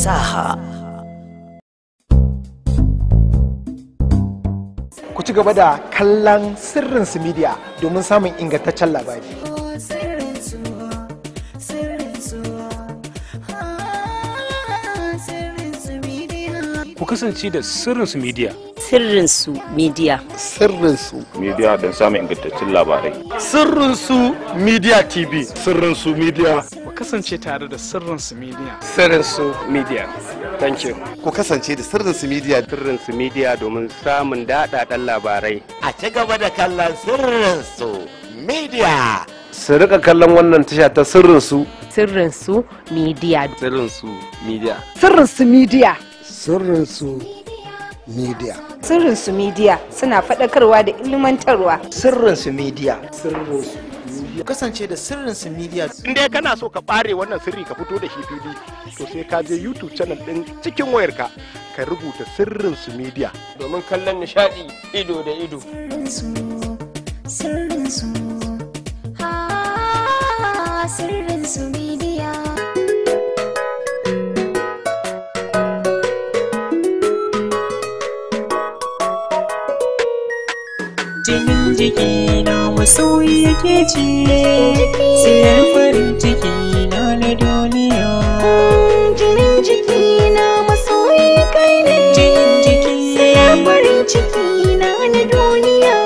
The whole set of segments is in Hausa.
fasaha. Ku ci gaba da kallon sirrin su media domin samun ingantaccen labari. Ku kasance da sirrin su media. Sirrin su media. Sirrin su media don samun ingantaccen labarai. Sirrin su media TV. Sirrin su media. kasance tare da sirrin su media sirrin su media thank you ku kasance da sirrin su media sirrin su media domin samun daɗaɗɗen labarai a ci gaba da kallon sirrin su media su rika kallon wannan tasha ta sirrin su sirrin su media sirrin su media sirrin su media sirrin su media sirrin su media suna faɗakarwa da ilmantarwa sirrin su media sirrin su ku kasance da sirrin su media in dai kana so ka bare wannan sirri ka fito da shi fili to sai ka je youtube channel din cikin wayarka ka rubuta sirrin su media domin kallon nishadi ido da ido sirrin su ha media masoyi ke ce sirar farin ciki na na duniya jinin jiki na masoyi kai ne jinin jiki farin ciki na na duniya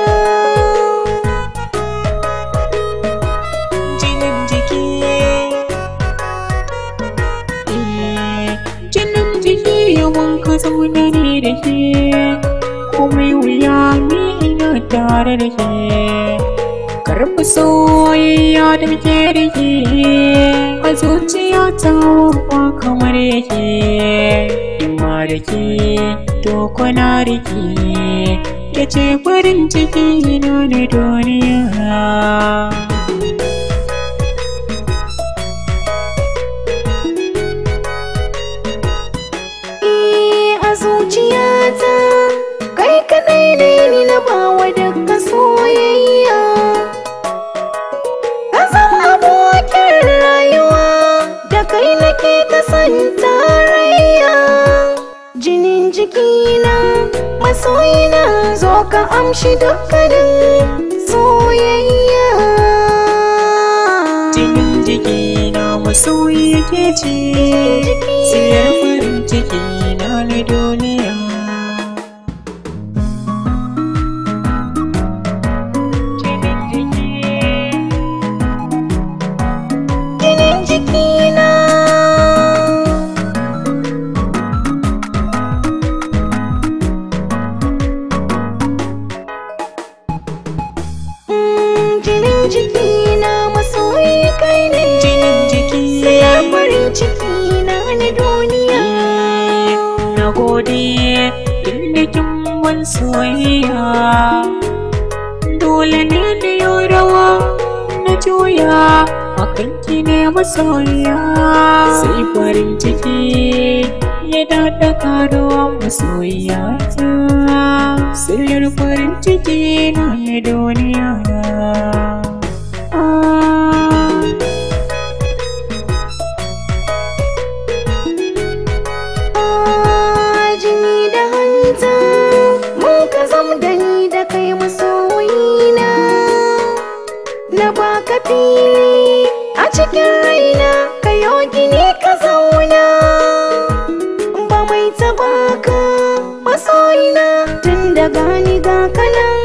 jinin jiki jinin jiki yawan ka zaune ne da ke komai wuya ni ina tare da ke karfi soyayya da muke rike a zuciya ta ba kamar yake imma da ke to kuna rike ya ce farin ciki na mun tarayya jinin jikina masoyina zo ka amshi dukkanin soyayya jinin jikina masoyi ke ce siyar farin ciki soyayya dole ne na yi na juya makanki ne masoyiya sai farin ciki ya dada karuwa masoyiya ta sirrin farin ciki na ya duniya ka a cikin raina ka yogi ne ka zauna ba mai taba ka masoyina tun da gani ga kanan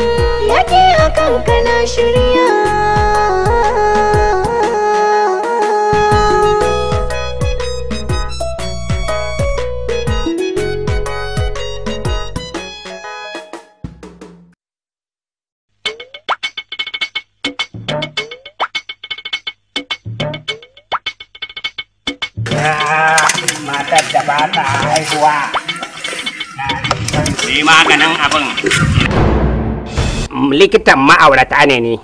yake akan kana shirya ta haihuwa yi maganin abin mm, likitan ma'aurata ne ne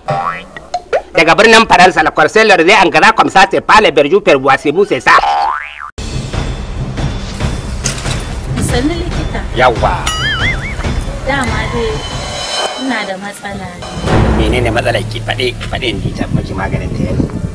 daga birnin faransa la corseller zai an gaza kwamsa sai pale berju perbuwa sai bu sai sa sannu likita Yawwa. dama dai ina da matsala menene matsalar ki faɗe faɗe ne ta maki maganin ta yanzu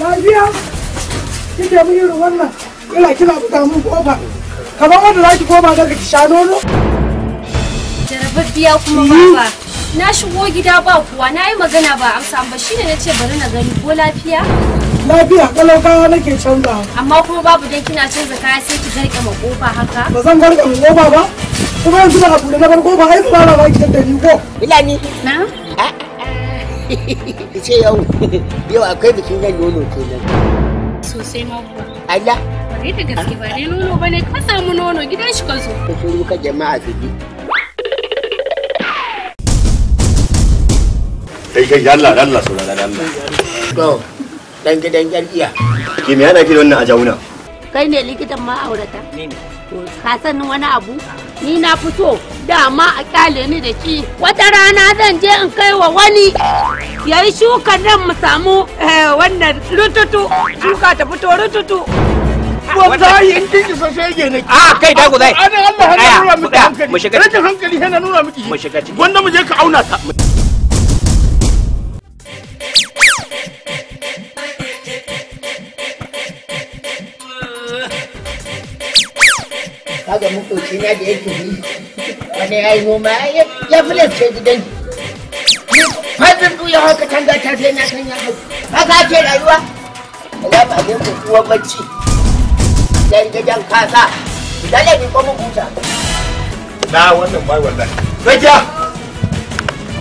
lafiya kike mun irin wannan kila kila buga mun kofa kamar wanda zaki koma daga ki sha nono jarababbiya kuma baba na shigo gida ba kuwa na yi magana ba amsa ba shine na ce bari na gani ko lafiya lafiya kalau kaya nake canza amma kuma babu dan kina canza kaya sai ki garke ma kofa haka ba zan garke ma kofa ba kuma yanzu ba a bude na bar kofa ai ba ba ki da ni ko bilani na ce yau yau akwai bikin yan nono ke nan sosai ma Allah bari da gaske ba dai nono bane ka samu nono gidan shi ka zo ka shuru ka jama'a su ji kai kai yalla yalla saurara yalla to dan gidan jarkiya ki me yana ki da a jauna kai ne likitan ma'aurata ne ne ka sanin wani abu ni na fito dama a kyale ni da ki wata rana zan je in kai wa wani ya yi shuka nan mu samu eh, wannan rututu shuka ta fito rututu wallahi in kin isa ne a ah, kai dago zai ana Allah ya nuna miki hankali rage hankali yana nuna miki shiga wanda mu je ka auna ta da makoci na da yake yi wani ya yi noma ya filace gidan fadin haka tanga ta sai na san ya hau haka ake rayuwa ya ba ne ku kuwa bacci dan gidan kasa da ne ko mu huta na wannan bai wallahi rajiya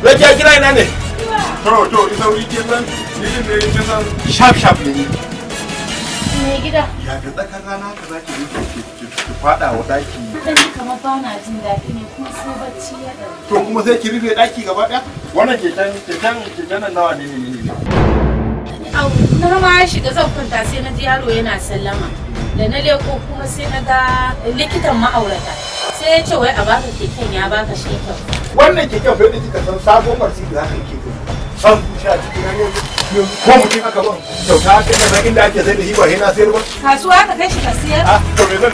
rajiya gina ina ne to to ita wuri ke nan ni ne ne ke san sharp sharp ne ne gida ya ga tsakar rana ka zaki yi ki fada wa daki dan ni kamar ba na jin daɗi ne kuma sai bacci ya dauke to kuma sai ki rufe daki gaba daya wannan keken keken keken nawa ne ne ne au na ma shiga zan kwanta sai na ji yaro yana sallama da na leko kuma sai na ga likitan ma'aurata sai ya ce wai a baka keken ya baka shi wannan keken bai da kika san sabon barci da haka keken san zuciya cikin hanyar ko mutum aka ban kyauta aka yana inda ake zai da shi ba yana sayar kasuwa ka kai shi ka siyar. a ah, to me zan